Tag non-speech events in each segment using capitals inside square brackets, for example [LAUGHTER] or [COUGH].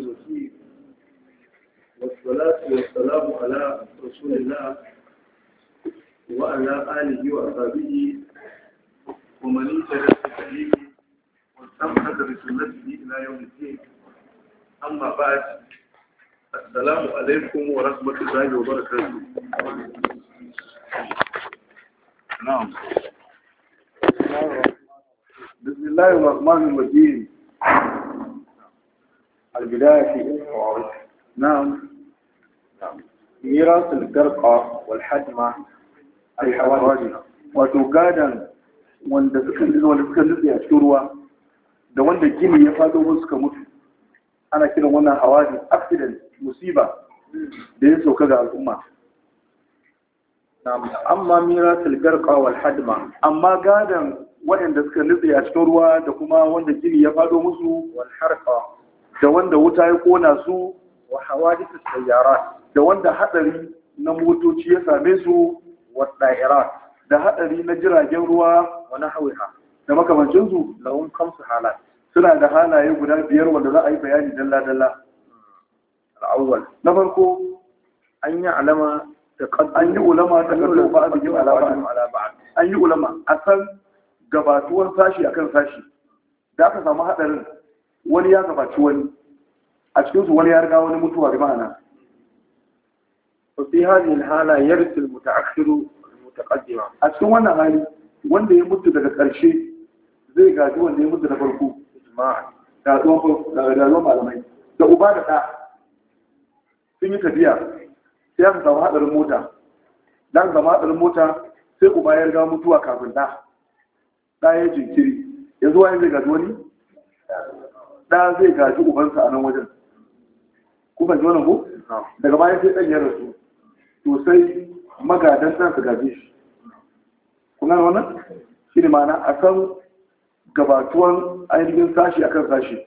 الرحيم والصلاة والسلام على رسول الله وعلى آله وأصحابه ومن اهتدى بهديه واستمسك بسنته إلى يوم الدين أما بعد السلام عليكم ورحمة الله وبركاته نعم بسم الله الرحمن الرحيم البداية في الحوارث نعم ميراث القرقة والحجمة الحوادث وتوقادا wanda suka wanda suka nutse a cikin ruwa da wanda gini ya fado musu suka mutu ana kiran wannan hawadin accident musiba da ya sauka ga al'umma amma mirasul garqa wal amma gadon waɗanda suka nutse a cikin ruwa da kuma wanda gini ya fado musu wal da wanda wuta ya kona su wa hawadithus sayyarat da wanda hadari na motoci ya same su wa da'irat da hadari na jiragen ruwa wa na nahwiha da makamancin su lahum khamsu halat suna da halaye guda biyar wanda za a yi bayani dalla dalla al na farko an yi alama an yi ulama ta kallo ba a bikin an yi ulama a san gabatuwar sashi akan sashi da aka samu hadarin wani ya gabaci wani a cikinsu wani ya riga wani mutuwa da ma'ana fi hali hala yarsu muta'akhiru mutaqaddima a cikin wannan hali wanda ya mutu daga ƙarshe zai gaji wanda ya mutu da farko gazuwan malamai da uba da ɗa sun yi tafiya sai aka zama haɗarin mota da aka samu haɗarin mota sai uba ya riga mutuwa kafin ɗa ɗa ya jinkiri yanzu wani zai gaji wani ɗa zai gaji ubansa a nan wajen ku ji wannan ko daga bayan sai ɗan ya rasu to sai magadan ɗan su gaji shi kun gane wannan shi ne mana a san gabatuwan ainihin sashi akan sashi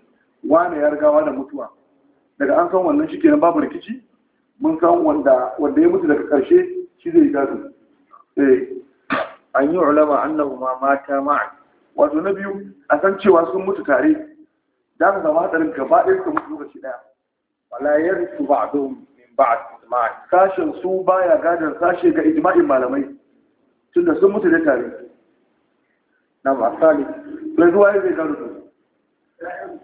wane ya riga wane mutuwa daga an san wannan shi nan babu rikici mun san wanda wanda ya mutu daga ƙarshe shi zai gaji eh an yi ulama annahu ma mata ma'a wato na biyu a san cewa sun mutu tare za ka zama hadarin gaba ɗin su mutu lokaci ɗaya wala yarisu ba'dhum min ba'd ijma'i Sashen su baya gadar sashe ga ijma'in malamai tunda sun mutu da tare na ba sali sai zuwa gano gado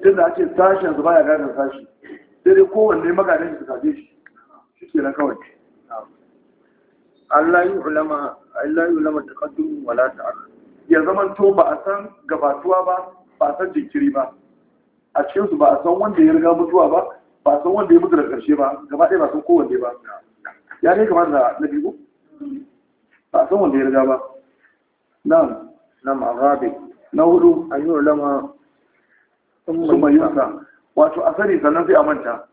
tunda ake sashen su baya gadar sashi sai dai kowanne magadan su kaje shi shike na kawai Allah yi ulama Allah yi ulama taqaddum wala ta'ala ya zaman to ba a san gabatuwa ba ba a san jinkiri ba a cikin su ba a san wanda ya riga mutuwa ba ba a san wanda ya mutu da ƙarshe ba gaba ɗaya ba san kowanne ba ya ne kamar da na biyu ba a san wanda ya riga ba nan na arabi na hudu a yi ulama sun bayyana wato a sani sannan sai a manta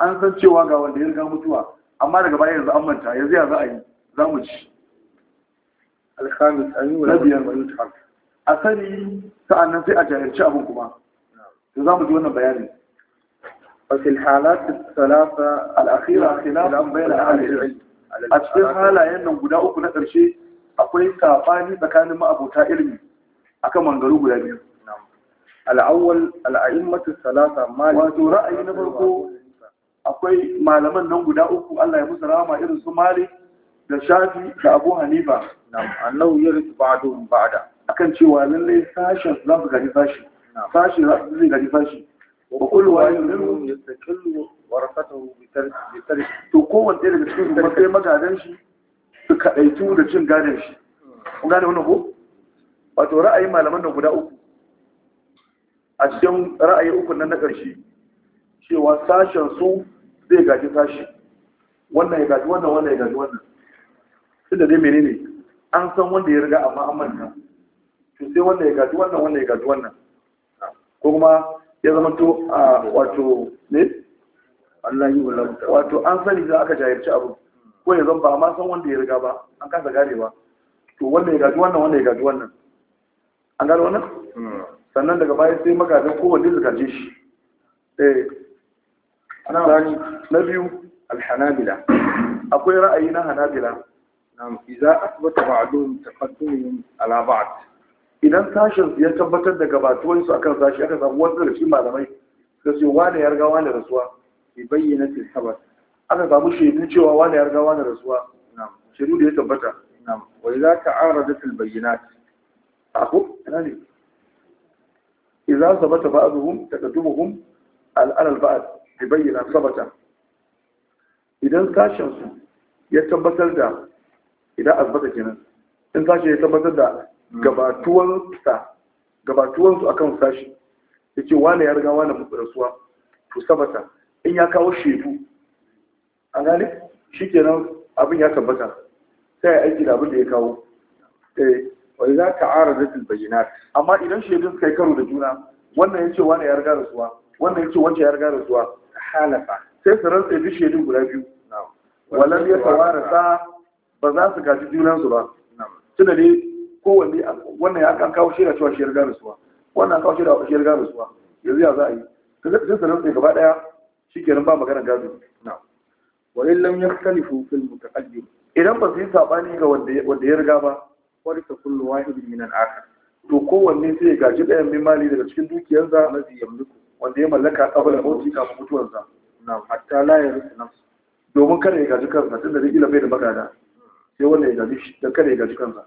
an san cewa ga wanda ya riga mutuwa amma daga baya yanzu an manta yanzu ya za a yi za mu ci alhamis a yi ulama a sani sa'annan sai a jahilci abin kuma za mu ji wannan bayanin وفي الحالات الثلاثة الأخيرة خلاف بين أهل a cikin halayen nan guda uku na ƙarshe akwai saɓani tsakanin ma'abota ilimi kan mangaru guda biyu al'awwal al'a'immatu salasa wato ra'ayi na farko akwai malaman nan guda uku Allah ya musu rama irin su Malik da Shafi da Abu Hanifa na'am annahu yarithu ba'dhum ba'da akan cewa lallai sashen za su gani sashi sashi zai gari sashi wa kullu wa yuzu to kowanne su da cin gane wannan ko malaman guda uku a cikin ra'ayi wannan ya gaji wannan wannan ya gaji wannan tunda dai menene an san wanda ya riga amma an manta to sai wannan ya gaji wannan wannan ya gaji wannan ko kuma ya zama to a wato ne wato an sani da aka jayarci abu ko ya zama ba ma san wanda ya riga ba an kasa gane ba to wannan ya gaji wannan wannan ya gaji wannan an gano wannan sannan daga baya sai magajin kowanne su gaje shi eh na biyu alhanabila akwai ra'ayi na hanabila na idza asbata ma'lum taqaddum ala ba'd idan sashen ya tabbatar da gabatuwansu kan sashi aka samu wasu da shi malamai suka ce wane ya riga wane rasuwa bi bayyana til habar aka samu shaidu cewa wane ya riga wane rasuwa shaidu da ya tabbata wai za ka arada til bayyana ako ina ne idza sabata ba'dhum taqaddumuhum al alal ba'd bi bayyana sabata idan sashen su ya tabbatar da idan azbata kenan in sashi ya tabbatar da gabatuwansu akan sashi ya ce wane ya riga wane muku rasuwa to sabata in ya kawo shedu a gani shi kenan abin ya tabbata sai ya aiki da abin da ya kawo eh, wani za ka ara da bayyana amma idan shedun suka yi karo da juna wannan ya ce wane ya riga suwa wannan ya ce wancan ya riga rasuwa halafa sai su rantsa bi shedun guda biyu walar ya tawara sa ba za su gaji junansu ba tunda kowanne wannan ya kan kawo shirya cewa shirya riga rasuwa wannan kawo shaida shi riga rasuwa yanzu ya za a yi kaga sai sanar da gaba daya shikenan ba magana gado na Wani in kalifu yakhtalifu fil mutaqaddim idan ba su yi sabani ga wanda ya riga ba ta kullu wahidin min minan aka. to kowanne sai ya gaji dayan min mali daga cikin dukiyarsa mazi yamliku wanda ya mallaka kabla mauti kafin mutuwarsa na hatta layar ya rusu domin kada ya gaji kansa tun da ila bai da magana sai wanda ya gaji da kada ya gaji kansa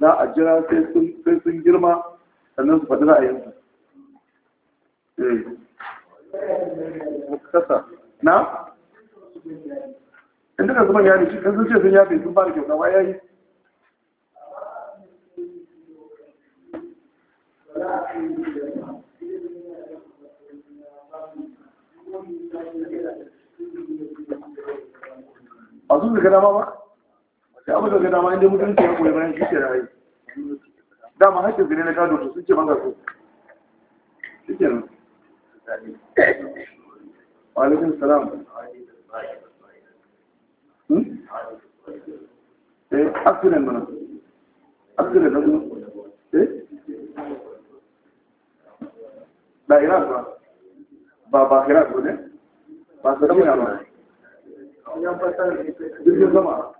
za a jira sai sun girma sannan su faɗi ra'ayinsu eh. na? inda ka zuban yari shi kan sun ce sun yafe sun ba da kyauta wa yayi a zuwa ga dama ba? da abu dama inda mutunci ya koyi bayan rayu dama haƙƙin na gado sun ce su nan salam hmm? eh accident mana accident eh da ba ba ba iraq ba ne ba su damuna ba jirgin sama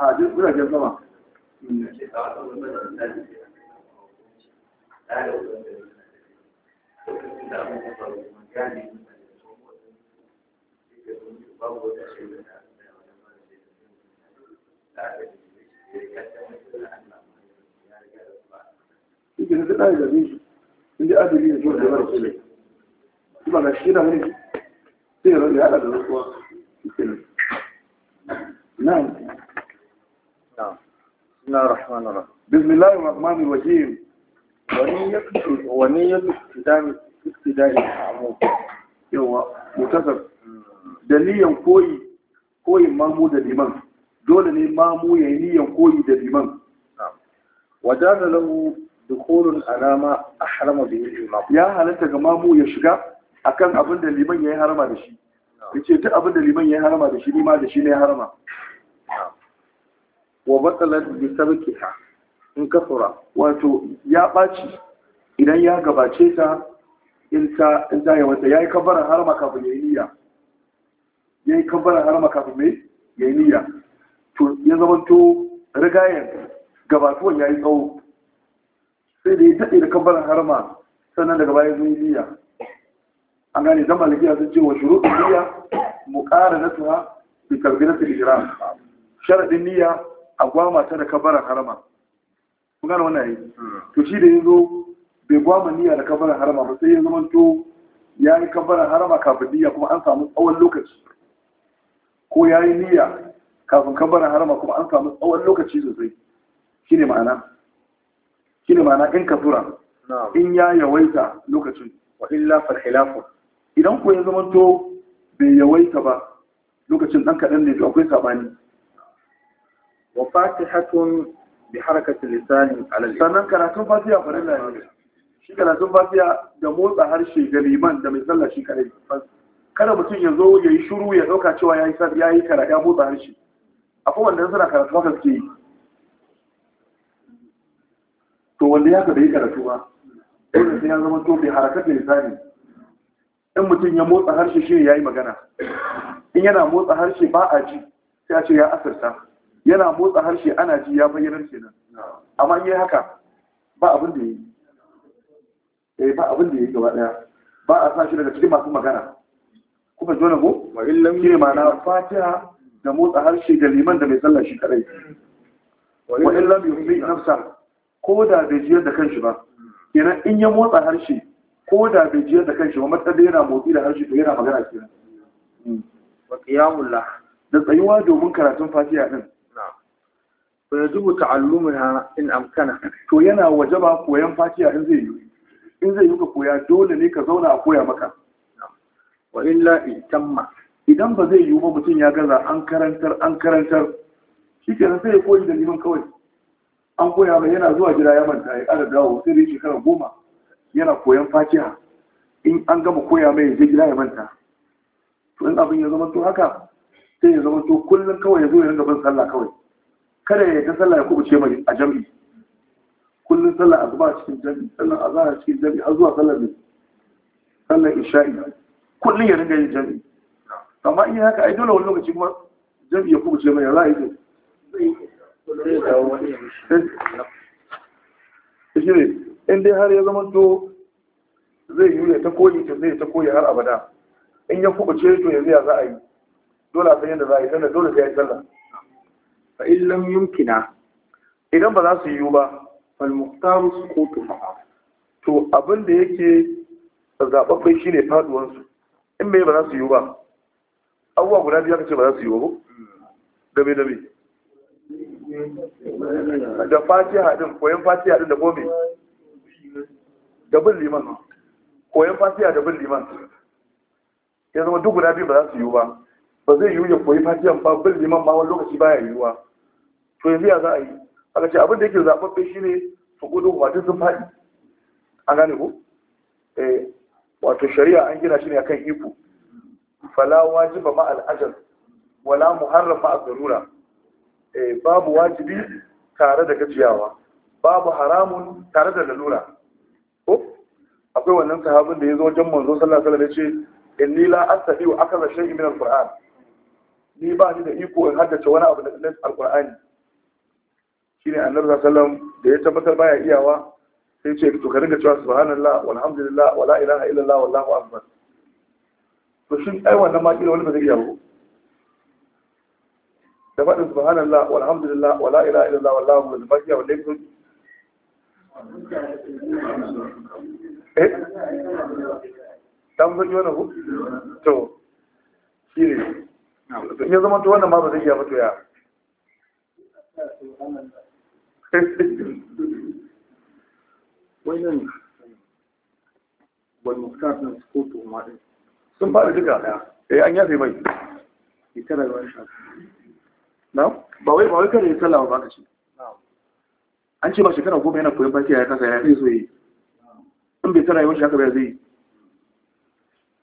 A'a, jiragen sama shi suna rahmanin rahim bismillahi rahmanin rahim wani ya fi dami amu yawa mutasar da niyan koyi koyin mamu da liman dole ne mamu ya yi niyan koyi da liman wadana lahu dukulun alama a harama da yin imam ya halatta ga mamu ya shiga akan abin da liman ya yi harama da shi ce abin da liman ya yi da shi da shi wa batsalar bi sabqiha in kasura wato ya ɓaci idan ya gabace ta in ta in ta yawa ya yi kabbara har ma kafin niyya ya yi kabbara har ma kafin mai niyya to ya zamanto rigayen gabatuwan ya yi tsawo sai da ya daɗe da kabbara har ma sannan daga baya zai niyya an gane zama lafiya sun ce wa shuruɗin niyya mu ƙara na tuha bi kalbi na tijira sharaɗin niyya a gwama ta da kabarar harama kuna da wannan yi hmm. to shi da ya zo bai gwama niyya da kabarar harama ba sai ya zama to ya yi kabarar harama kafin niyya kuma an samu tsawon lokaci ko ya yi niyya kafin kabarar harama kuma an samu tsawon lokaci sosai shi ne ma'ana shi ne ma'ana in ka tura in ya yawaita lokacin wa illa farhilafu idan ko ya zama to bai yawaita ba lokacin ɗan kaɗan ne to akwai sabani. wa بحركة اللسان على lisani alal sannan karatun fatiha farilla ne shi karatun fatiha da motsa harshe ga liman da mai sallah shi kare kada mutum ya zo ya yi shiru ya dauka cewa ya yi ya ya motsa harshe akwai wanda suna karatu haka suke yi to wanda ya kada yi karatu ba dole sai ya zama to in mutum ya motsa harshe shi ya yi magana in yana motsa harshe ba a ji sai a ce ya asirta yana motsa harshe ana ji ya bayyana kenan amma yi haka ba abin da yi eh ba abin da yi gaba daya ba a sa shi daga cikin masu magana kuma dole ko wa illam ne ma'ana fatiha da motsa harshe da liman da mai sallah shi kadai wa illam yuhmi nafsa ko da bai jiyar da kanshi ba kenan in ya motsa harshe ko da bai jiyar da kanshi ba da yana motsi da harshe to yana magana kenan wa qiyamullah da tsayuwa domin karatun fatiha din fa yajibu ta'allumuha in amkana to yana wajaba koyan fatiha in zai yi in zai yi ka koya dole ne ka zauna a koya maka wa illa itamma idan ba zai yi ba mutum ya gaza an karantar an karantar shi kenan sai ya koyi da liman kawai an koya ba yana zuwa gida ya manta ya ƙara dawo sai dai shekara goma yana koyan fatiha in an gama koya mai ya je gida ya manta to in abin ya zama to haka sai ya zama to kullum kawai ya zo ya ringa bin sallah kawai kada ya ga sallah ya ce mai a jami'i kullum sallah a azba cikin jam'i za a cikin jami'i har zuwa sallar ne sallar isha'i kullum ya ringa yin jami'i amma in haka ai dole wani lokaci kuma jami'i ya ce mai ya za a yi eh, shi ne in dai har ya zama to zai yi ya ta koyi ta zai ta koyi har abada in ya ce to ya za a yi dole a san yadda za a yi sannan dole sai ya yi sallah fa illan yumkina idan ba za su yiwu ba fal muhtaru sukutu to abin da yake zababbai shine faduwan su in bai ba za su yiwu ba abubuwa guda biyu aka ce ba za su yiwu ba da dabe da fatiha din koyan fatiha din da gome da bin liman koyan fatiha da bin liman ya zama duk guda biyu ba za su yiwu ba ba zai yiwu ya koyi fatihan ba bin liman ma wani lokaci baya yiwuwa to yanzu ya za a yi aka ce abin da yake zaɓaɓɓe shi ne su ƙudun wato sun faɗi an gane ko eh, wato shari'a an gina shi ne akan iko fala wajiba ma al'ajar wala muharram ma al eh, babu wajibi tare da gajiyawa babu haramun tare da lalura ko akwai wannan sahabin da ya zo wajen manzo sallallahu alaihi wasallam ya ce inni la wa akaza shay'in min al-qur'an ni ba ni da iko in haddace wani abu da al-qur'ani shine annabi sallallahu alaihi wasallam da ya tabbatar baya iyawa sai ce to ka ringa cewa subhanallah walhamdulillah wala ilaha illallah wallahu akbar to shin ai wannan ma kila wani ba zai iya ba da faɗin subhanallah walhamdulillah wala ilaha illallah wallahu akbar ba iya wanda yake eh dan zaki wani ko to shine ya zama to wannan ma ba zai iya ba to ya wannan wani muktar na ko tuhuma din sun faɗi duka eh an yafe mai ita da wani shafi na ba wai ba wai kare ya ba ka ce an ce ba shekara goma yana koyon fatiya ya kasa ya zai so yi in bai tara yawan shi haka bai zai yi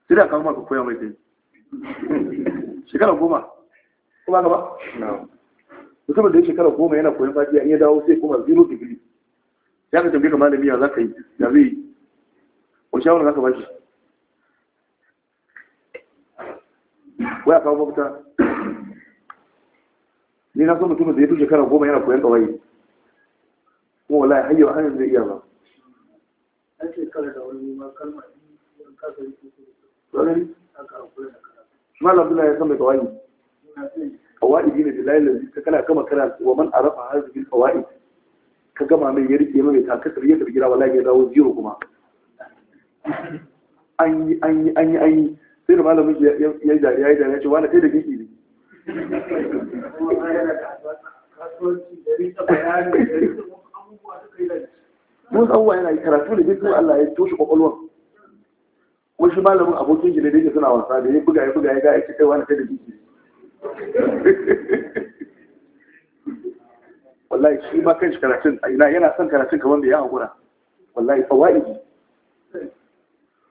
sai da kawo maka koya mai zai [LAUGHS] shekara goma ba ka ba mutumin da ya shekara goma yana koyon fatiha a iya dawo sai kuma zero degree ya ka tambaye ka malami ya za ka yi ya zai yi shawara za ka bashi? shi waya kawo mafita ni na son mutumin da ya fi shekara goma yana koyon kawai kuma wala hanyar yau hanyar zai iya ba malam bula ya san mai kawai qawaidi ne billahi lazi ka kana gama kana wa man arafa hadhihi alqawaid ka gama mai ya rike mai ta kasar ya tafi gida wallahi ya dawo zero kuma an yi an yi an yi an yi sai da malamin ya yi dariya ya dariya ce wani kai da gidi ne mun abubuwa yana yi karatu da jikin Allah ya toshe kwakwalwar kuma shi malamin abokin gine da yake suna wasa da ya buga ya buga ya ga ya ce kai wani kai da gidi ne [LAUGHS] wallahi shi ma kan shi karatun ina yana son karatun kamar da ya haƙura wallahi fawa'idi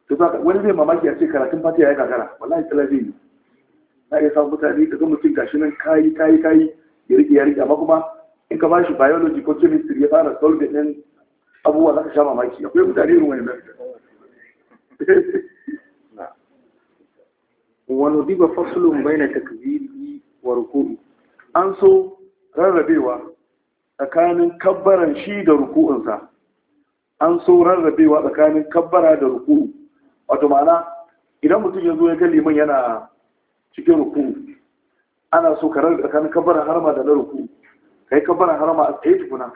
to ba wani zai mamaki a ce karatun Fati ya gagara wallahi talabi ne na iya samun mutane ka zan mutum gashi nan kayi kayi kayi ya rike ya rike amma kuma in ka bashi biology ko chemistry ya fara solving din abubuwa za ka sha mamaki akwai mutane irin wani nan [LAUGHS] wani diba fasulun bai na takziri wa ruku'i an so rarrabewa tsakanin kabbaran shi da ruku'unsa an so rarrabewa tsakanin kabbara da ruku'u wato ma'ana idan mutum ya zo ya ga liman yana cikin ruku'u ana so ka rarrabe tsakanin kabbaran harma da na ruku'u yi kabbaran harma a tsaye tukuna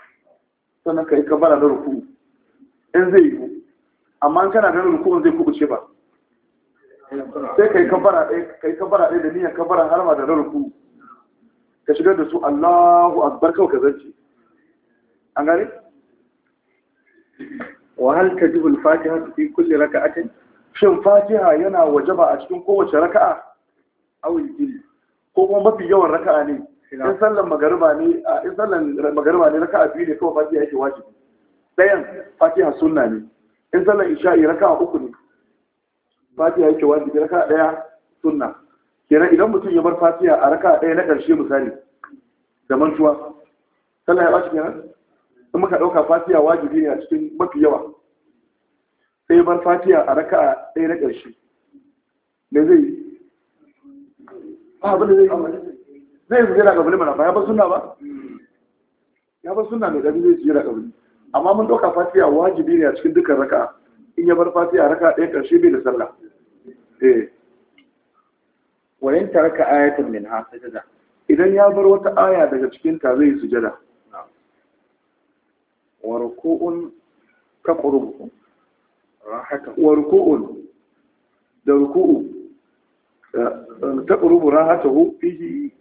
sannan ka yi kabbara na ruku'u in zai yi amma kana ganin ruku'un zai kubuce ba sai kai yi kabbara ɗaya da niyyar kabbara harma da na ruku'u ka shigar da su Allahu akbar kawai ka zance an gane wa hal tajibu al-fatiha fi kulli raka'atin shin fatiha yana wajaba a cikin kowace raka'a aw al-jil ko kuma mafi yawan raka'a ne in sallan magariba ne a in sallan magariba ne raka'a biyu ne kawai fatiha yake wajibi dayan fatiha sunna ne in sallan isha'i raka'a uku ne fatiha yake wajibi raka'a daya sunna kenan idan mutum ya bar fatiha a raka ɗaya na ƙarshe misali da mantuwa sallah ya bashi kenan in muka ɗauka fatiha wajibi ne a cikin mafi yawa sai ya bar fatiha a raka ɗaya na ƙarshe me zai yi ba abin da zai yi zai yi jira gabani mana ba ya bar sunna ba ya bar sunna mai gani zai yi jira gabani amma mun ɗauka fatiha wajibi ne a cikin dukkan raka in ya bar fatiha a raka ɗaya ƙarshe bai da sallah eh wa taraka ayatun min ha sajada idan ya bar wata aya daga cikin ta zai sujada wa ruku'un ka qurbu wa Warku'un da ruku'u ta qurbu rahatahu fihi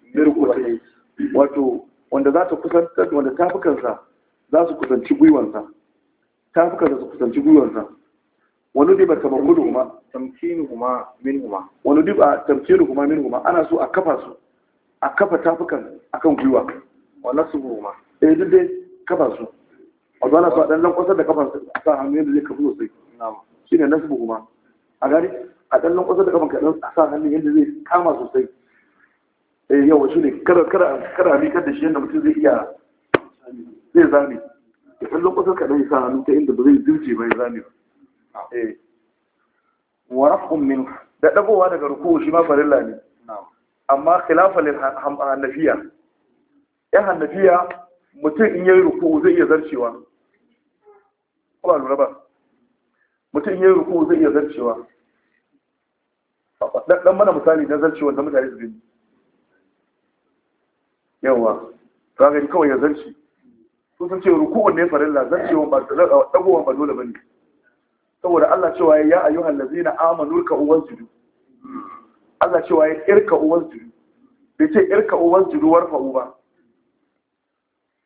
bi wato wanda za ta kusantar wanda tafukansa za su kusanci gwiwansa tafukansa su kusanci gwiwansa وندب تمكنهما تمكينهما منهما وندب تمكينهما منهما انا سو اكفا سو اكفا تافكان akan gwiwa wala subuhuma eh duk dai kafa su wato ana so dan lankwasar da kafan a sa hannu yadda zai kafu sosai na'am shine nasbuhuma a gari dan lankwasar da kafan ka dan sa hannu yadda zai kama sosai eh yawa shine kada shi yadda mutum zai iya zai zame ya dan lankwasar ka dan sa hannu ta inda ba zai dirje ba ya ba Eh. da dagowa daga ruku shi ma farilla ne amma khilafa lil hanafiya ya hanafiya mutum in yayi ruku zai iya zarcewa ko lura ba mutum in yayi ruku zai iya zarcewa dan mana misali na zarcewa da mutane su gani yawa ka ga kawai ya zarce sun ce ruku'un ne farilla zarcewa ba dagowa ba dole bane saboda Allah cewa ya ayyuhal ladzina amanu ka uwan su Allah cewa ya irka uwan su bai ce irka uwan su warfa uba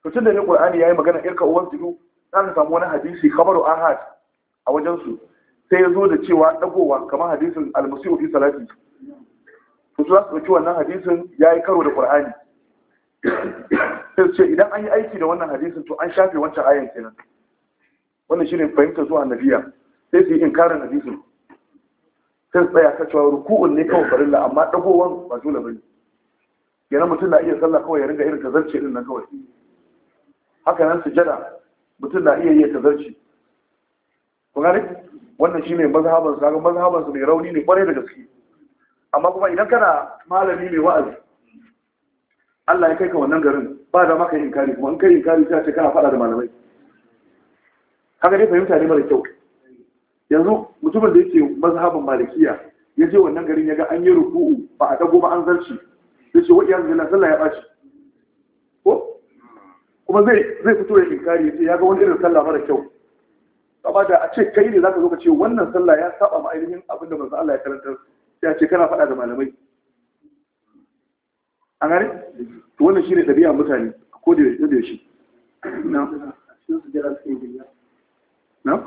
to tunda ne Qur'ani yayi magana irka uwan su dan samu wani hadisi khabaru ahad a wajen su sai ya zo da cewa dagowa kamar hadisin al-musiu fi salati to su su ɗauki wannan hadisin yayi karo da Qur'ani sai idan an yi aiki da wannan hadisin to an shafe wancan ayan kenan wannan shine fahimtar zuwa nabiya sai su yi inkarin hadisin sai tsaya ta cewa ruku'un ne kawai farilla amma ɗagowar ba dole ne. yana mutum na iya sallah kawai ya ringa irin tazarci din nan kawai haka nan sujada mutum na iya yi tazarce ku gane wannan shine mazhaban sa mazhaban su mai rauni ne kwarai da gaske amma kuma idan kana malami mai wa'azi Allah ya kai ka wannan garin ba da maka inkari kuma in kai inkari sai ka kana fada da malamai haka dai fahimta ne mara kyau yanzu mutumin da yake mazhabin malikiya ya je wannan garin ya ga an yi ruku'u ba a dago ba an zarci ya ce wa'iya zai sallah ya ɓaci ko kuma zai zai fito ya inkari ya ya ga wani irin sallah mara kyau amma da a ce kai ne zaka zo ka ce wannan sallah ya saba ma ainihin abin da manzo Allah ya karantar sai a ce kana faɗa da malamai an gane to wannan shine ɗabi'a mutane ko da yaushe da yaushe na na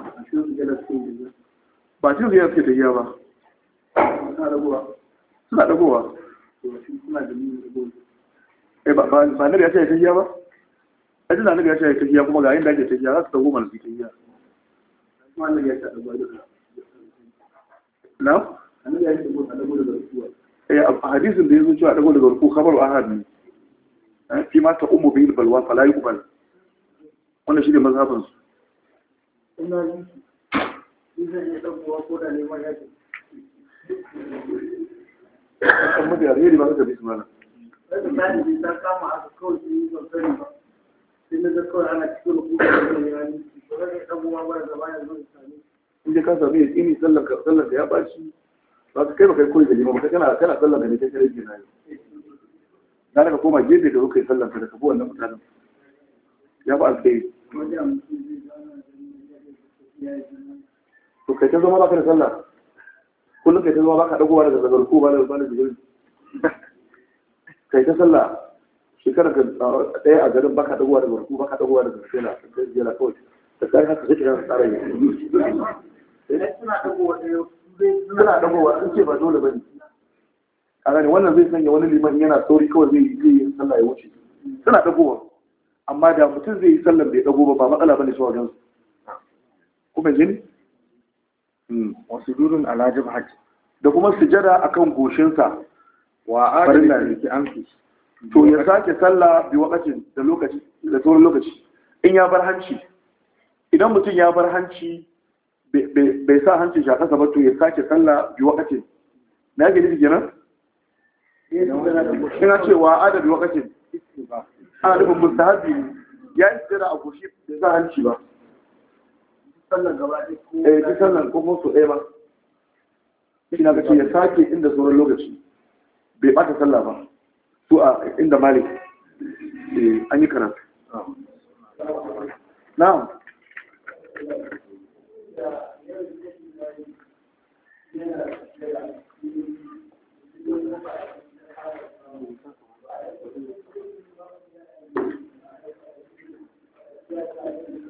ba cin ziyar suke tafiya ba suna dagowa eh ba ba ne ya ce tafiya ba ai na ne ya ce tafiya kuma ga inda ake tafiya za su dago mana su tafiya na eh a hadisin da ya zo cewa daga rukun kamar ahad ne eh, fi ma ta ummu bil balwa fala kuma wannan shi ne mazhabin su zan iya ko alheri ba su ta sai na ana zan iya ka sami ya sallar da ya ba su kai ba kai koyi da lima ba kana kana sallar da ne kai kare ke yau na daga koma gefe da kai sallar ka da ka wannan mutanen ya ba alheri. Wajen mutum zai zama da ya yi to kai ta zama baka da sallah kullum kai ta zama baka dagowa daga daga ko ba da ba da jigiri kai ta sallah shekarar ka ɗaya a garin baka dagowa daga barku baka dagowa daga sela ta jela kawai da kai haka zai kira tsara yi suna dagowa sun ce ba dole ba ne a gani wannan zai sanya wani liman yana sauri kawai zai yi sallah ya wuce suna dagowa amma da mutum zai yi sallan bai dago ba ba matsala ba ne su a gansu kuma jini Hmm. wa sujudun ala jabhati da kuma sujada akan goshinsa wa adalla liki anfi to ya sake sallah bi waqatin da lokaci da tsoron lokaci in ya bar hanci idan mutum ya bar hanci bai sa hancin shi a ƙasa ba to ya sake sallah bi waqatin na ga nufi kenan ina cewa ada bi waqatin ana nufin mustahabi ya yi sujada a goshi bai sa hanci ba sallan gaba ɗaya ko eh, sallan ko musu ɗaya ba shi na ya sake inda sauran lokaci bai ɓata sallah ba su a inda malik eh, an yi karatu na'am Thank you.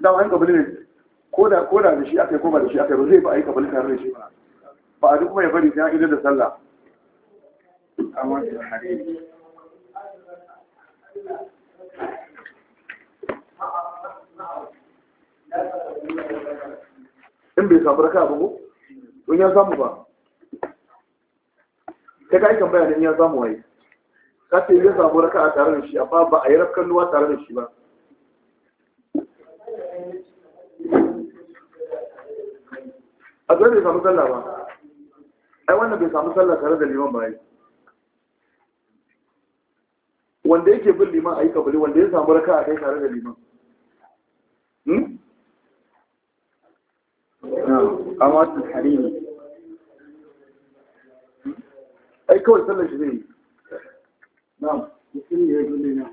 da wani kabali ne ko da ko da shi aka yi ko ba da shi aka yi ba zai ba a yi kabali tare da shi ba ba a duk kuma ya bari sai an idan da sallah in bai samu raka ba ko in ya samu ba ta kai kan bayanin ya samu wai? ka ce ya samu raka a tare da shi amma ba a yi rafkan ruwa tare da shi ba a bai samu sallah ba ai wannan bai samu sallah tare da liman ba wanda yake bin liman a yi kabali wanda ya samu raka a kai tare da liman hmm? amma ne. Hmm? ai kawai sallah shi zai na mutum ne ya dole na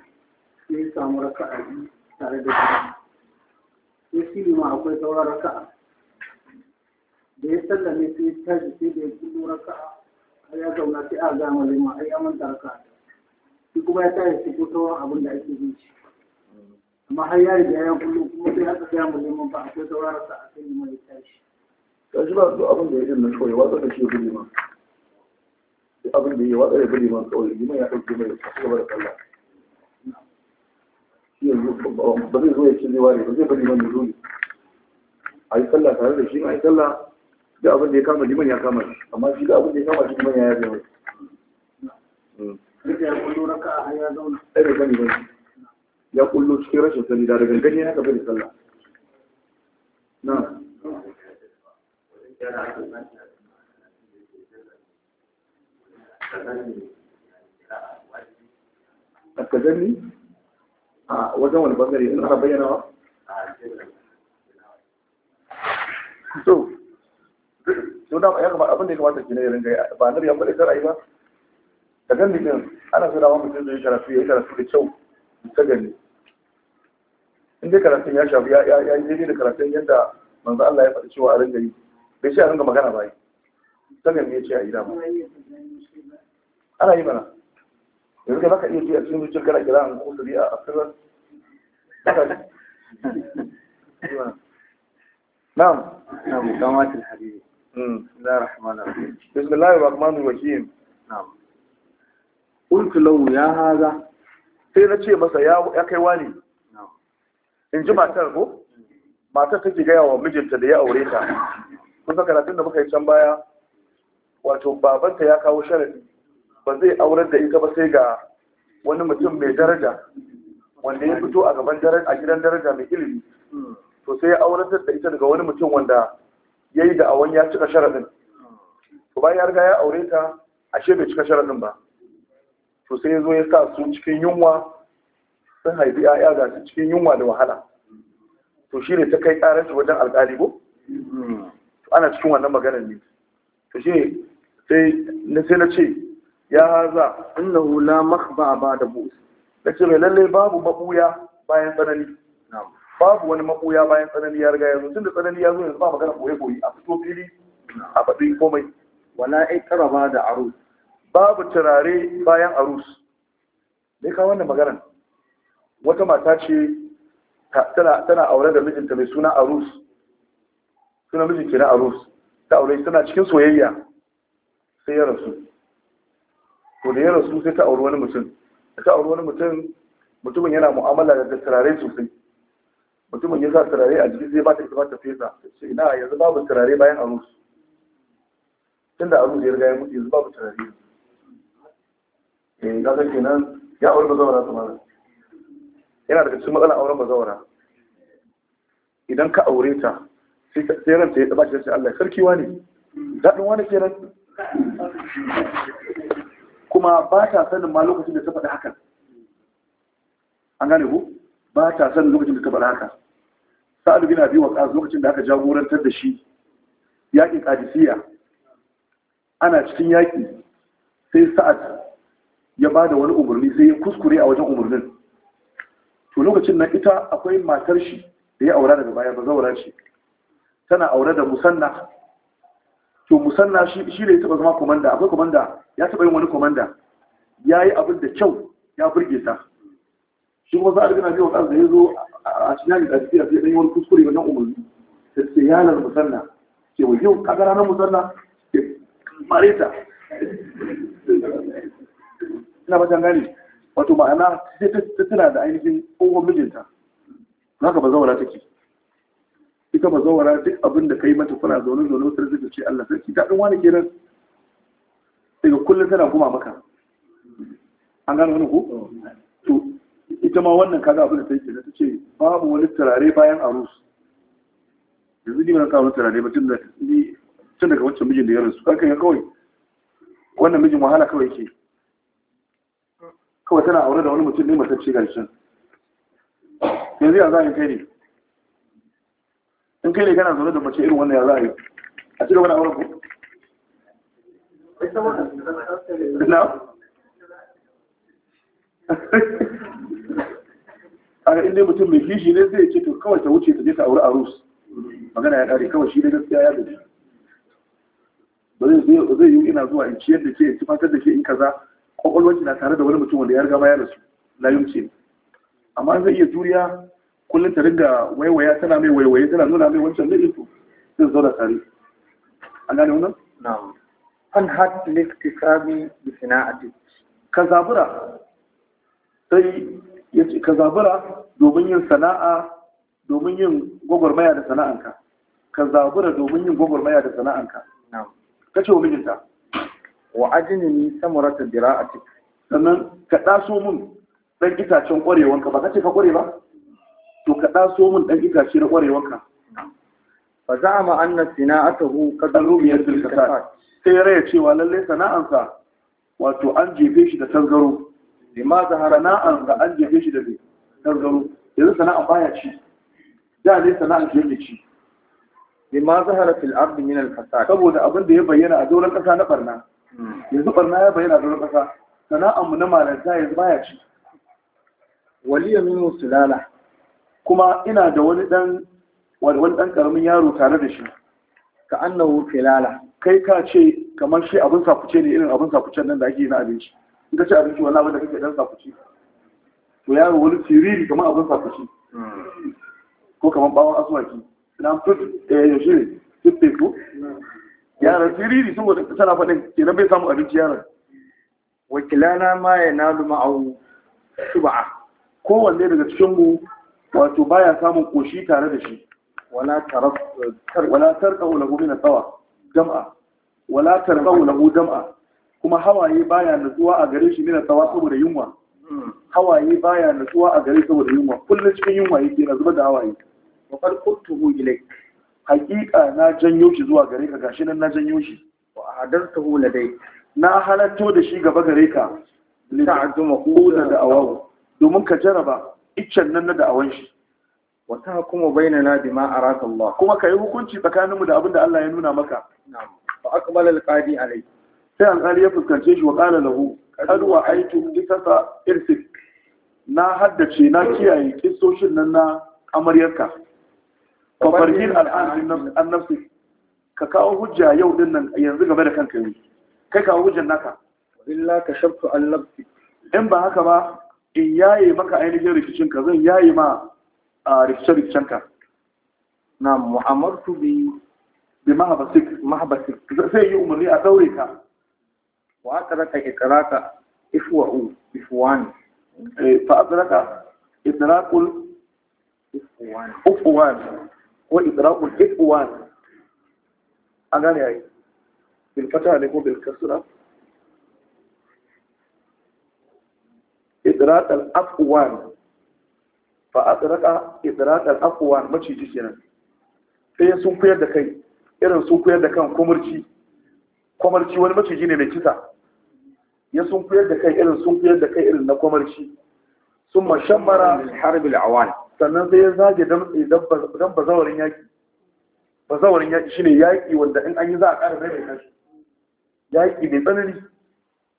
ya samu raka a yi tare da liman ya shi liman akwai sauran a da ya sallame su ya tashi sai da ya kullu raka'a har ya zauna sai a gama lima a ya manta raka'a shi kuma ya tashi su ko sauran abin da ake yin shi amma har ya riga ya kullu kuma sai aka gama lima ba akwai sauran raka'a sai lima ya tashi kashi ba duk abin da ya yi na kawai watsa da shi ya gudu ma duk abin da ya watsa ya gudu ma kawai lima ya ɗauke mai a gaba da sallah ba zai zo ya ce zai ware ba zai bari ma mai zo a yi sallah tare da shi a yi sallah da abin da ya kama liman ya kama shi amma shi da abin da ya kama shi liman ya yabe mai ya kullo raka a ya zauna ai da ya cikin rashin sani da daga gani haka bai sallah na a a wajen wani bangare ana bayyana so to da ya kamata abin da ya kamata ki ne ya ringa ba na biyan kuɗi kar ayi ba da gani din ana so da mutum zai karatu ya yi karatu da kyau ta gani in dai karatun ya shafi ya ya yi daidai da karatun yadda manzo Allah ya faɗi cewa a ringa yi bai ce a ringa magana ba yi ta gani ya ce a yi dama ana yi mana yanzu ka baka iya ji a cikin zuciyar kana kira an kusuri a asirar نعم نعم كما الحديث بسم الله الرحمن الرحيم نعم قلت له يا هذا sai na ce masa ya kai wani in ji matar ko matar take gaya wa mijinta da ya aure ta kusa karatun da muka yi can baya wato babanta ya kawo sharadi ba zai aurar da ita ba sai ga wani mutum mai daraja wanda ya fito a gaban a gidan daraja mai ilimi hmm. to sai ya aurar da ita daga wani mutum wanda ya yi da'awan ya cika sharaɗin to bayan ya riga ya aure ta ashe bai cika sharaɗin ba to sai ya zo ya sa su cikin yunwa sun haifi 'ya'ya ga su cikin yunwa da wahala to shi ne ta kai ƙarar wajen alƙali ko ana cikin wannan maganar ne to shi sai na sai na ce ya haza innahu la makhba ba da Na ce mai lalle babu mabuya bayan tsanani babu wani makoya bayan tsanani ya riga yanzu tunda tsanani ya zo yanzu ba magana boye koyi a fito fili a faɗi komai wala ai karaba da arus babu turare bayan arus dai ka wannan magana wata mata ce tana tana aure da mijinta mai suna arus suna mijin ke na arus ta aure tana cikin soyayya sai ya rasu to da ya rasu sai ta aure wani mutum ta aure wani mutum mutumin yana mu'amala da turare sosai mutumin ya sa turare a jiki zai ba ta ita ba ta fesa sai ina yanzu babu turare bayan arus tun da arus ya riga ya mutu yanzu babu turare eh ka san kenan ya aure bazawara su mara yana daga cikin matsalar auren bazawara idan ka aure ta sai ran ta ya ba shi sai Allah sarki wani dadin wani kenan kuma ba ta sanin ma lokacin da ta faɗi hakan an gane ku ba ta san lokacin da ta bar haka sa'ad bin abi waqas lokacin da aka jagorantar da shi yaƙin qadisiyya ana cikin yaƙi sai sa'ad ya ba da wani umarni sai ya kuskure a wajen umarnin to lokacin nan ita akwai matar shi da ya aura daga baya ba zaura ce tana aure da musanna to musanna shi shi ya taba zama komanda akwai komanda ya taba yin wani komanda ya yi abin da kyau ya burge ta shi kuma sa'ad bin abi waqas da ya zo a cikin da tafiya sai dan wani kuskure wannan umarni sai sai ya lal musanna ke wa yau kadara na musanna ke marita ina ba gani wato ma'ana sai ta tana da ainihin tsohon mijinta ka ba ta take ita ba zawara duk abin da kai mata kuna zaune zaune sai zai ce Allah sarki ta dan wani kenan daga kullum tana kuma maka an gano wani ku ita ma wannan kaga abin da ta yi ta ce babu wani turare bayan arus yanzu ni mana sa wani turare ba tun tun daga wancan mijin da ya rasu kaga kawai wannan mijin wahala kawai ke kawai tana aure da wani mutum ne matacce ga shi yanzu ya za a yi kai ne in kai ne kana zaune da mace irin wannan ya za a yi a cikin wani aure ku na [LAUGHS] kaga inda mutum mai kishi ne zai ce to kawai ta wuce ta je ta aure arus magana ya kare kawai shi ne gaskiya ya gaji ba zai zai yi ina zuwa in ciyar da ke in tufatar da ke in kaza kwakwalwarki na tare da wani mutum wanda ya riga ma ya rasu layumce amma zai iya juriya kullum ta ringa waiwaya tana mai waiwaye tana nuna mai wancan zai to zai zauna tare an gane wannan na'am an hat liftisabi bi sana'ati ka zabura sai ka zabura domin yin sana'a domin yin gwagwarmaya da sana'anka ka zabura domin yin gwagwarmaya da sana'anka ka ce wa mijinta wa ajini ni samurata dira'atik sannan ka ɗaso mun ɗan itacen ƙwarewanka ba ka ce ka ƙware ba to ka ɗaso mun ɗan itace na ƙwarewanka fa hu ka sina'atahu qad rubiyat ka sa sai ya raya cewa lallai sana'ansa wato an jefe shi da tangaro ma zahara na an ga an jefe shi da bai zaro. yanzu sana'a baya ci da ne sana'a ke yake ci bi ma zahara fil ardi min al fasad saboda abin da ya bayyana a doron kasa na barna hmm. yanzu barna ya bayyana a doron kasa sana'a mu na malanta yanzu baya ci ya min musulala kuma ina da wani dan wani dan karamin yaro tare da shi ka annahu filala kai ka ce kamar shi abin sakuce ne irin abin sakucen nan da ake yi na abinci in ka ci abinci wani abin da kake dan sakuci to yaro wani siriri kamar abin sakuci ko kamar bawon asuwaki na fit eh, yaushe ne fit ko yaran siriri saboda tana faɗin kenan bai samu abinci yaran wakilana ma ya luma ma'au suba'a kowanne daga cikin mu wato baya samun koshi tare da shi wala tarqau lahu min tsawa Jama'a. wala tarqau lahu jam'a kuma hawaye baya nutsuwa a gare shi mina tsawa saboda yunwa hmm. hawaye baya nutsuwa a gare saboda yunwa kullum cikin yunwa yake na zuba da hawaye wa qad qultuhu ilayk haqiqa na janyo shi zuwa gare ka gashi nan na janyo shi wa hula ladai na halatto da shi gaba gare ka lita'azzuma quda da awawu domin ka jaraba iccen nan na awan shi wa ta kuma bainana bima araka Allah kuma kai hukunci tsakaninmu da abin da Allah ya nuna maka na'am fa aqbala alqadi alayhi sai ƙari ya fuskance shi wa ƙala lahu ƙaduwa aikin kisasa irsik na haddace na kiyaye kisoshin nan na amaryarka ka yin al'adun annafsi ka kawo hujja yau din nan yanzu game da kanka ne kai kawo hujjan naka illa ka shaftu annafsi in ba haka ba in yaye maka ainihin rikicin ka zan yaye ma a rikice-rikicen ka na mu'amartu bi mahabasik sai yi umarni a daure ka wa adraka ikraka ifwa'u ifwan eh, fa adraka idrakul ko idrakul ifwan an gane yayi bil fata ne ko bil kasra maciji kenan sai sun da kai irin sun koyar da kan kumurci kwamarci wani maciji ne mai kisa ya sunkuyar da kai irin sun sunkuyar da kai irin na kwamarci sun mashammara harbi awal sannan sai ya zage don bazawarin yaki bazawarin yaki shine yaki wanda in an yi za a ƙara rai mai kashi yaki mai tsanani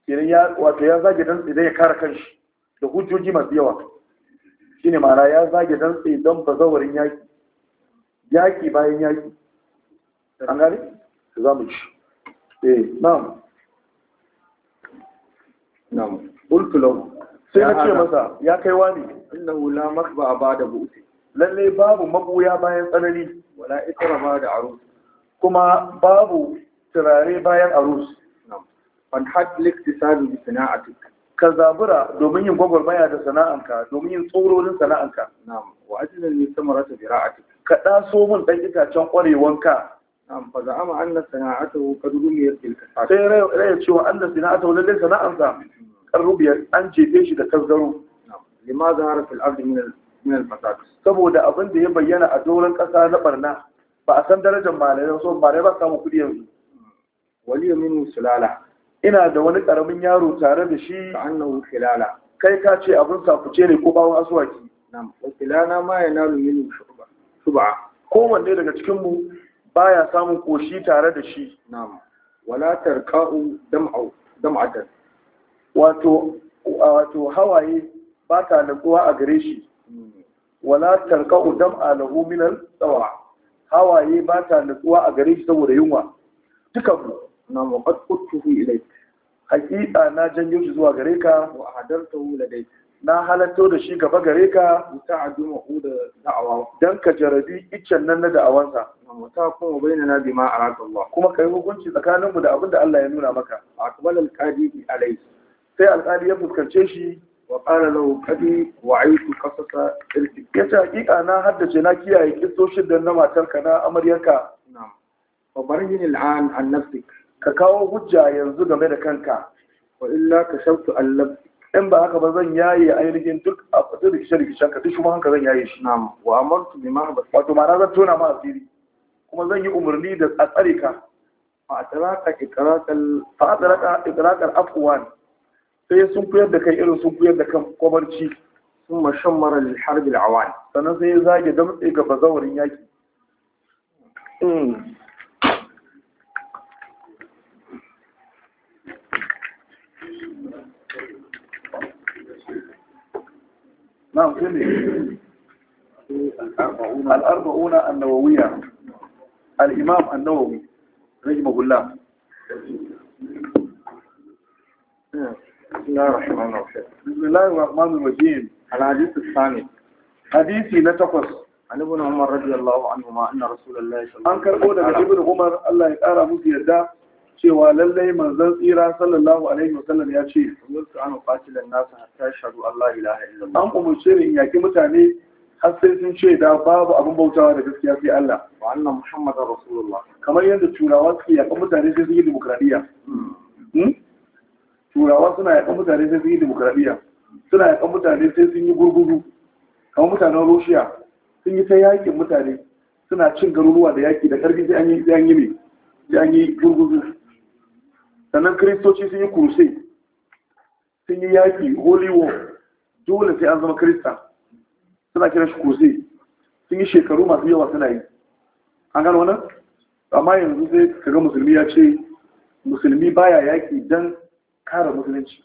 idan ya wato ya zage dan idan ya kare kanshi da hujjoji masu yawa shine mara ya zage dan don bazawarin yaki yaki bayan yaki an gane za mu ci Eh, sai na ce masa ya kai wani innahu lalle babu mabuya bayan tsanani wala ikrama da arus kuma babu turare bayan arus an hadlik tisabi bi sana'atik ka zabura domin yin gwagwarmaya da sana'anka domin yin tsororin sana'anka na'am wa ajlan li samarata bi ra'atik ka daso mun dan itacen kwarewanka a fa za'ama anna sana'atahu qad rumiyat bil kasab. Sai rai cewa anna sana'atahu lalle sana'ansa kan rubiya an jefe shi da tasgaro. Lima zahara fil ardi min min al Saboda abin da ya bayyana a doron kasa na barna ba a san darajar malai so malai ba samu kudi yanzu. Wali yaminu sulala. Ina da wani karamin yaro tare da shi annahu khilala. Kai ka ce abin safuce ne ko bawon asuwaki. Na'am. na khilana ma yanalu min shuba. Shuba. Kowanne daga cikin mu baya samun koshi tare da shi na'am wala tarqa'u dam'u dam'atan wato wato hawaye ba ta nutsuwa a gare shi wala tarqa'u dam'a lahu min al-sawa hawaye ba ta nutsuwa a gare shi saboda yunwa duka mu na muqaddutuhu ilayk haqiqa na janyo shi zuwa gare ka wa hadartahu ladayk na halatto da shi gaba gare ka ta addu'a hu da da'awa dan ka jarabi iccen nan na da'awansa ta kuma bainana bima araka Allah kuma yi hukunci tsakanin mu da abin da Allah ya nuna maka akbal alqadi bi alai sai alqadi ya fuskance shi wa qala lahu qadi wa aitu qasasa Ya yace hakika na haddace na kiyaye kissoshin da na matarka na amaryarka na'am fa barjini al'an an ka kawo hujja yanzu game da kanka wa illa kashaftu an in ba haka ba zan yaye ainihin duk a fitar da kishe-kishen ka duk shi hanka zan yaye shi na'am wa amartu bi ma wato ma'ana zan tona ma asiri kuma zan yi umarni da a tsare ka a atraka ikraqal fa atraka ikraqal afwan sai sun kuyar da kai irin sun kuyar da kan kwabarci sun mashammara lil harbil awan sannan sai ya zage damtse ga bazawarin yaki hmm. نعم كمي الأربعون النووية الإمام النووي رحمه الله بسم الله الرحمن الرحيم بسم الله الرحمن الرحيم الحديث الثاني حديثي نتقص عن ابن عمر رضي الله عنهما أن رسول الله صلى الله عليه وسلم أنكر قولة ابن عمر الله يقارى مزيدا cewa lallai manzon tsira sallallahu alaihi wa sallam ya ce wasu an fatilan nasa ta shaɗu Allah ilaha illallah an umarce da yaki mutane har sai sun ce da babu abin bautawa da gaskiya sai Allah wa muhammadar rasulullah kamar yadda turawa suke yaƙi mutane sai sun yi demokradiyya hmm. hmm? turawa suna yaƙi mutane sai sun yi demokradiyya suna yaƙi mutane sai sun yi gurgudu kamar mutanen russia sun yi ta yaƙin mutane suna cin garuruwa da yaƙi da ƙarfi sai an yi yi sai an yi gurgudu sannan kiristoci sun yi kurse sun yi yaƙi holy war dole sai an zama krista. suna kira shi kurse sun yi shekaru masu yawa suna yi an gano wannan amma yanzu sai kaga musulmi ya ce musulmi baya yaƙi don kara musulunci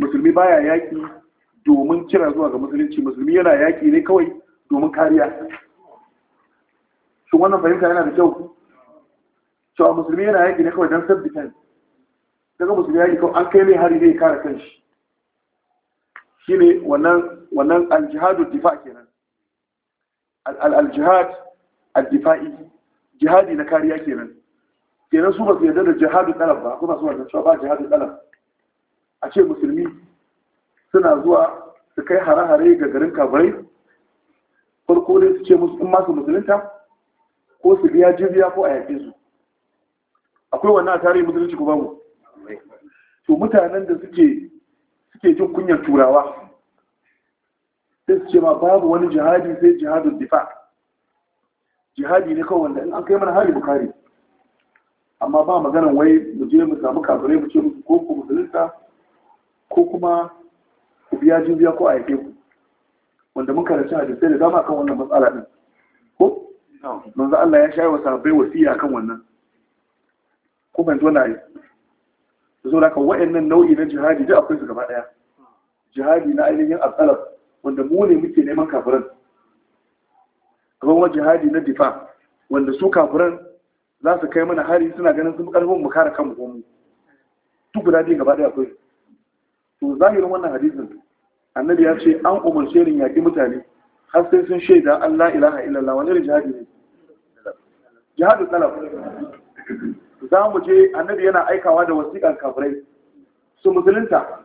musulmi baya yaƙi domin kira zuwa ga musulunci musulmi yana yaƙi ne kawai domin kariya shi wannan fahimta yana da kyau cewa musulmi yana yaƙi ne kawai don self defense daga musulmi yaƙi kawai an kai mai hari zai kare shi. Shi wannan wannan al-jihadu difa kenan al-jihad al-difa'i jihadi na kariya kenan kenan su ba su yadda da jihadu talab ba kuma su yarda cewa ba jihadu talab a ce musulmi suna zuwa su kai hare-hare ga garin kabarai farko dai su ce musu in masu musulunta ko su biya ya, ko a yaƙe su akwai wannan a tarihin musulunci ko babu to mutanen da suke suke jin kunyar turawa sai su ce ma babu wani jihadi sai jihadin difa jihadi ne kawai wanda in an kai mana hari bukari amma ba maganan wai mu je mu samu kafirai mu ce musu ko ku musulunta ko kuma ku biya jibiya ko a yake ku wanda mun karanci hadisai da dama kan wannan matsala din ko Allah ya shayi wa sahabbai wasiya kan wannan ko ban zo na yi zo da ka wa'annan nau'i na jihadi duk akwai su gaba daya jihadi na ainihin al'alaf wanda mu ne muke neman kafiran kamar wa jihadi na difa wanda su kafiran za su kai mana hari suna ganin sun karfin mu kare kanmu mu duk guda biyu gaba daya akwai to zahirin wannan hadisin annabi ya ce an umarce ni yaƙi mutane har sai sun shaida Allah ilaha illallah wani jihadi ne jihadi talaf za mu je annabi yana aikawa da wasiƙar kafirai su musulunta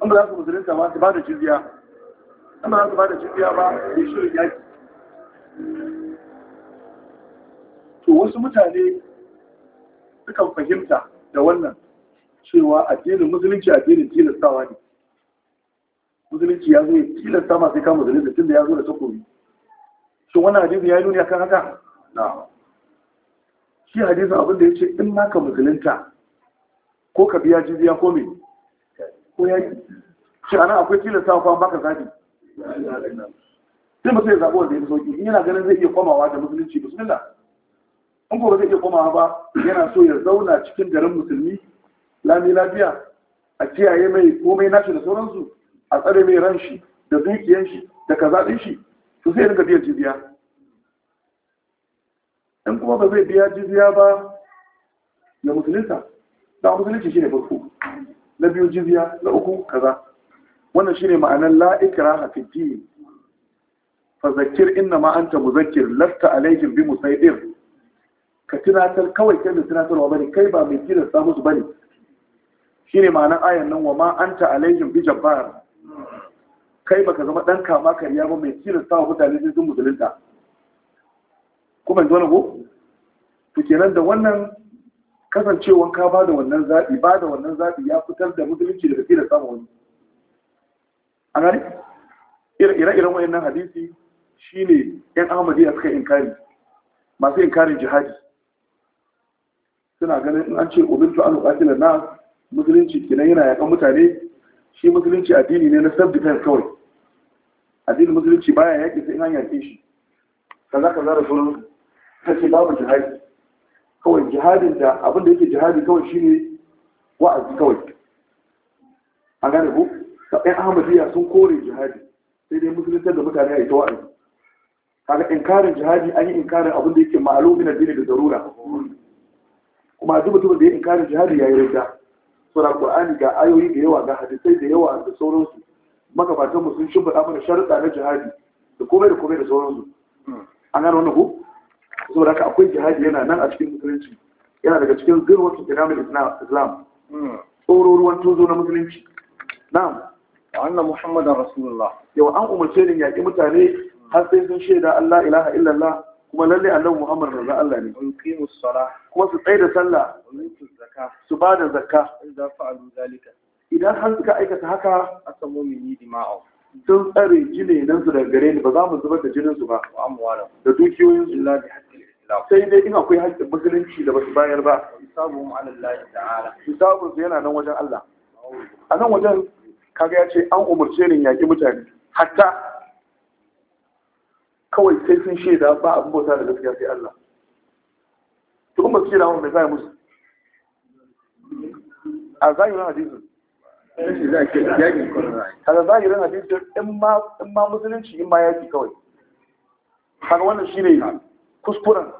an ba za su musulunta ba su ba da jizya ba za su ba da jizya ba da shirin yaki to wasu mutane suka fahimta da wannan cewa addinin musulunci addinin tilastawa ne musulunci ya zo ya tilasta masu kama musulunci tun da ya zo da takobi shin wannan addinin ya yi nuni akan haka na'am shi hadisin abin da ya ce in naka musulunta ko ka biya jiziya ko me ko ya yi shi ana akwai tilasta ko an baka zaɓi sai mutum ya zaɓi wanda ya fi sauƙi in yana ganin zai iya komawa da musulunci bismillah in kuma zai iya komawa ba yana so ya zauna cikin garin musulmi lami lafiya a kiyaye mai komai nashi da sauransu a tsare mai ran shi da dukiyan shi da kaza ɗin shi to sai ya rinka biyan jiziya in kuma ba zai biya jiziya ba ya musulunta da musulunci shi ne farko na biyu jiziya na uku kaza wannan shi ne ma'anar la'ikira a fiti fazakir inna ma anta muzakir lafta alaikin bi musaidir ka tunatar kawai kai mai tunatarwa bane kai ba mai tilasta musu bane shi ne ma'anar ayan nan wa ma anta alaikin bi jabbar kai baka zama dan kama karya ba mai tilasta wa mutane sun musulunta kuma yanzu wani ko to da wannan kasancewan ka ba da wannan zaɓi ba da wannan zaɓi ya fitar da musulunci da fi da samun wani a gani ire-iren wayannan hadisi shine yan ahmadiyya suka inkari masu inkarin jihadi suna ganin in an ce ubintu an uqatila na musulunci kenan yana yakan mutane shi musulunci addini ne na self defense kawai addinin musulunci baya yaƙi sai in an yaƙe shi kaza kaza da sauran ta ce babu jihadi kawai jihadin da abinda yake jihadi kawai shine wa'azi kawai an gane ku ɗan ahmadiyya sun kore jihadi sai dai musulunci da mutane a ita wa'azi kaga inkarin jihadi an yi inkarin abinda yake ma'alumin addini da zarura kuma duk mutumin da ya inkarin jihadi ya yi rinda sura qur'ani ga ayoyi da yawa ga hadisai da yawa da sauransu magabatan mu sun shimfiɗa mana sharuɗa na jihadi da komai da komai da sauransu an gane wannan ku saboda haka akwai jihadi yana nan a cikin musulunci yana daga cikin zirwatu kiramin islam hmm. tsoro ruwan tuzo na musulunci na'am wa anna muhammadan rasulullah yau an umarce ni yaƙi mutane har sai sun shaida Allah ilaha illallah kuma lalle annabi muhammad raza Allah ne kuma su tsaye da sallah su ba da zakka idan har suka aikata haka asamu mini dima'u sun tsare su daga gare ni ba za mu zubar da jininsu ba da dukiyoyin su bi sai dai ina akwai haƙƙin musulunci da basu bayar ba hisabuhum ala Allah ta'ala hisabun su yana nan wajen Allah a nan wajen kaga ya ce an umarce ni yaƙi mutane hatta kawai sai sun shaida ba abin bauta da gaskiya sai Allah to kuma ba su shaida wani mai zai musu a wani hadisin kaga zahirin hadisin in ma musulunci in ma yaki kawai kaga wannan shine kuskuren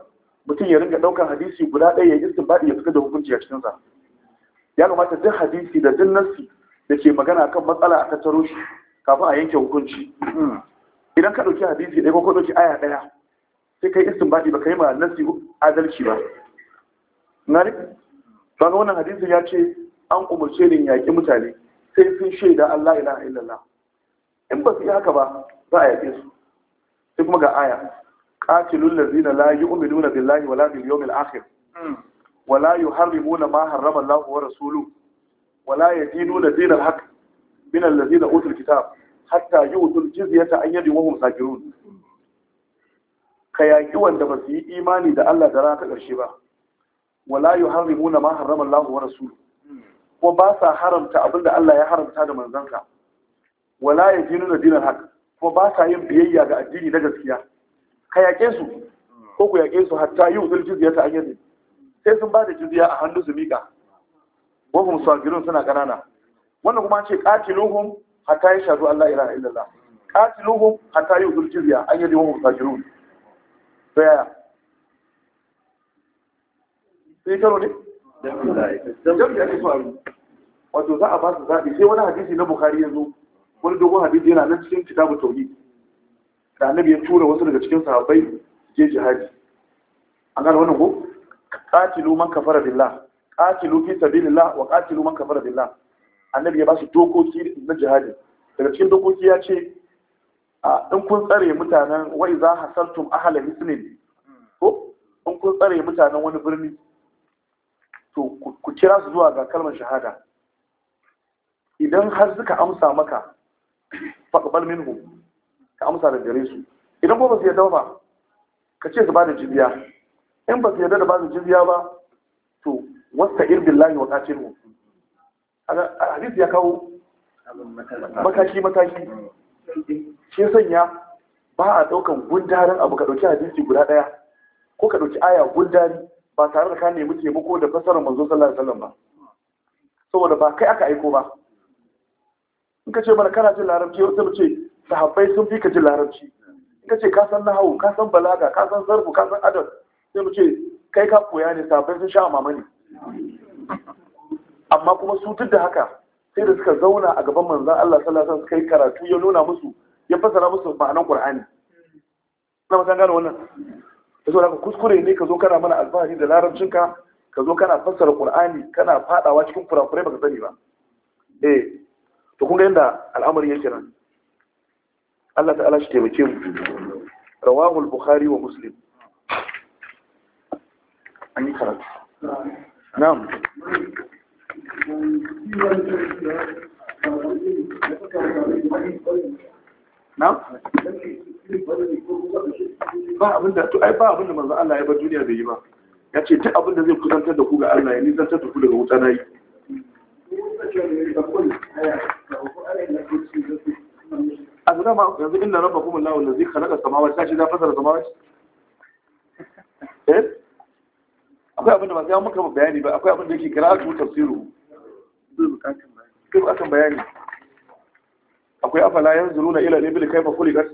mutum ya ringa ɗaukar hadisi guda ɗaya ya baɗi ya fitar da hukunci a cikinsa ya kamata duk hadisi da duk nassi da ke magana kan matsala a tattaro shi kafin a yanke hukunci idan ka ɗauki hadisi ɗaya ko ka ɗauki aya ɗaya sai kai istinbadi ba kai ma nassi adalci ba na ne ba wannan hadisin ya ce an umarce ni yaƙi mutane sai sun shaida Allah ilaha illallah in ba su yi haka ba za a yaƙe su sai kuma ga aya qatilul ladzina la yu'minuna billahi wala bil yawmil akhir wala yuharrimuna ma harrama Allah wa rasuluhu wala yadinuna dinal haqq min alladzina utul kitab hatta yu'tul jizyata an yadi wa hum sakirun ka yaƙi wanda ba su yi imani da Allah da rana ta ƙarshe ba wala yuharrimuna ma harrama Allah wa rasuluhu ko ba sa haramta abinda Allah ya haramta da manzanka. wala ya jinu da dinar haka ko ba sa yin biyayya ga addini na gaskiya ka yaƙe su ko ku yaƙe su hatta yi usul jizya ta hanyar sai sun ba da jizya a hannu su miƙa kuma sagirun suna ƙanana wannan kuma ce qatiluhum hatta yashhadu Allah ila illallah qatiluhum hatta yi usul jizya an yadi wahum sagirun sai ya sai karo ne wato za a ba su zaɓi sai wani hadisi na bukari yanzu wani dogon hadisi yana nan cikin kitabu tauhid da annabi ya tura wasu daga cikin sahabbai je jihadi an gane wannan ko qatilu man kafara billah qatilu fi sabilillah wa qatilu man kafara billah annabi ya ba su dokoki na jihadi daga cikin dokoki ya ce a in kun tsare mutanen wa iza hasaltum ahla hisnin ko in kun tsare mutanen wani birni to ku kira su zuwa ga kalmar shahada idan har suka amsa maka faƙbal minhu ka amsa da gare su idan ba su yarda ba ka ce su ba da jibiya in ba su yarda da ba su jibiya ba to wasta irbin lahi wa kacin mu hadisi ya kawo mataki mataki ce sanya ba a ɗaukan gundarin abu ka ɗauki hadisi guda ɗaya ko ka ɗauki aya gundari ba tare da ka nemi taimako da fasarar manzo sallallahu alaihi wasallam ba saboda ba kai aka aiko ba in ka ce mana kana jin larabci wata mu ce sahabbai sun fi ka jin larabci in ka ce ka san nahawu ka san balaga ka san zarfu ka san adab sai mu ce kai ka koya ne sahabbai sun sha mamani amma kuma su duk da haka sai da suka zauna a gaban manzon Allah sallallahu alaihi wasallam suka yi karatu ya nuna musu ya fasara musu ma'anar Qur'ani na mutan gane wannan zo da kuskure ne ka zo kana mana alfahari da larabcinka ka zo kana fassara qur'ani kana fadawa cikin kurakurai baka sani ba eh to kun ga yanda al'amari yake nan Allah ta'ala shi taimake mu rawahu al-bukhari wa muslim an yi karatu na'am na'am ba abin da to ai ba abin da manzo Allah ya bar duniya bai yi ba ya ce duk abin da zai kusantar da ku ga Allah ya nisantar da ku daga wuta na yi a zuna ma yanzu inda rabba kuma lawa da zai kalaka samawa ta shi za fasara samawa eh akwai abin da ba sai muka bayani ba akwai abin da yake karatu tafsiru zai bukatan bayani akwai afala yanzu nuna ila ne bil kaifa kulikat